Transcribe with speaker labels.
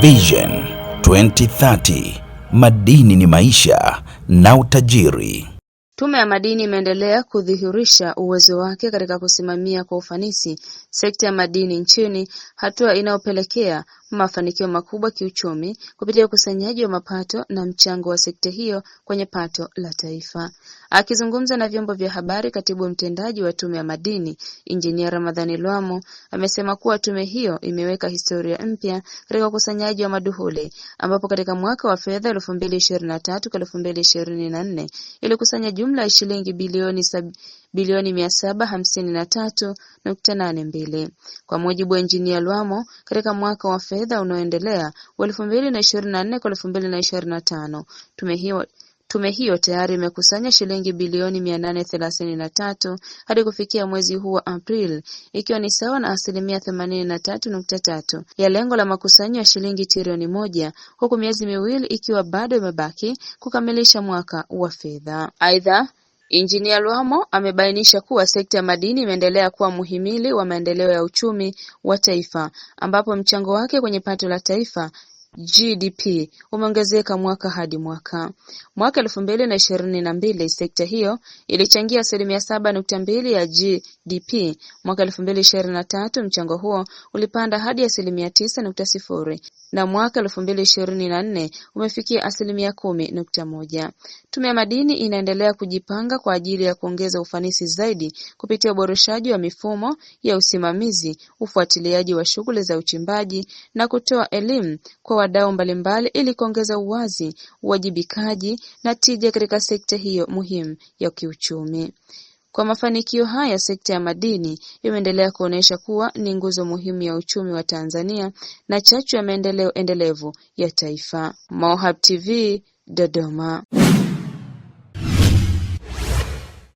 Speaker 1: Vision 2030 madini ni maisha na utajiri. Tume ya Madini imeendelea kudhihirisha uwezo wake katika kusimamia kwa ufanisi sekta ya madini nchini, hatua inayopelekea mafanikio makubwa kiuchumi kupitia ukusanyaji wa mapato na mchango wa sekta hiyo kwenye pato la Taifa. Akizungumza na vyombo vya habari, Katibu Mtendaji wa Tume ya Madini, Injinia Ramadhani Lwamo, amesema kuwa tume hiyo imeweka historia mpya katika ukusanyaji wa maduhuli ambapo katika mwaka wa fedha 2023 kwa 2024 ilikusanya jumla ya shilingi bilioni bilioni mia saba hamsini na tatu nukta nane mbili kwa mujibu wa Injinia Lwamo katika mwaka wa fedha unaoendelea wa elfu mbili na ishirini na nne kwa elfu mbili na ishirini na tano tume hiyo Tume hiyo tayari imekusanya shilingi bilioni mia nane thelathini na tatu hadi kufikia mwezi huu wa Aprili, ikiwa ni sawa na asilimia themanini na tatu nukta tatu ya lengo la makusanyo ya shilingi trilioni moja huku miezi miwili ikiwa bado imebaki kukamilisha mwaka wa fedha. Aidha, Injinia Lwamo amebainisha kuwa sekta ya madini imeendelea kuwa muhimili wa maendeleo ya uchumi wa Taifa ambapo mchango wake kwenye pato la Taifa GDP umeongezeka mwaka hadi mwaka. Mwaka elfu mbili na ishirini na mbili sekta hiyo ilichangia asilimia saba nukta mbili ya GDP. Mwaka elfu mbili ishirini na tatu mchango huo ulipanda hadi asilimia tisa nukta sifuri na mwaka elfu mbili ishirini na nne umefikia asilimia kumi nukta moja. Tume ya Madini inaendelea kujipanga kwa ajili ya kuongeza ufanisi zaidi kupitia uboreshaji wa mifumo ya usimamizi, ufuatiliaji wa shughuli za uchimbaji na kutoa elimu kwa wadau mbalimbali ili kuongeza uwazi, uwajibikaji na tija katika sekta hiyo muhimu ya kiuchumi. Kwa mafanikio haya, sekta ya madini imeendelea kuonyesha kuwa ni nguzo muhimu ya uchumi wa Tanzania na chachu ya maendeleo endelevu ya taifa. MOHAB TV, Dodoma.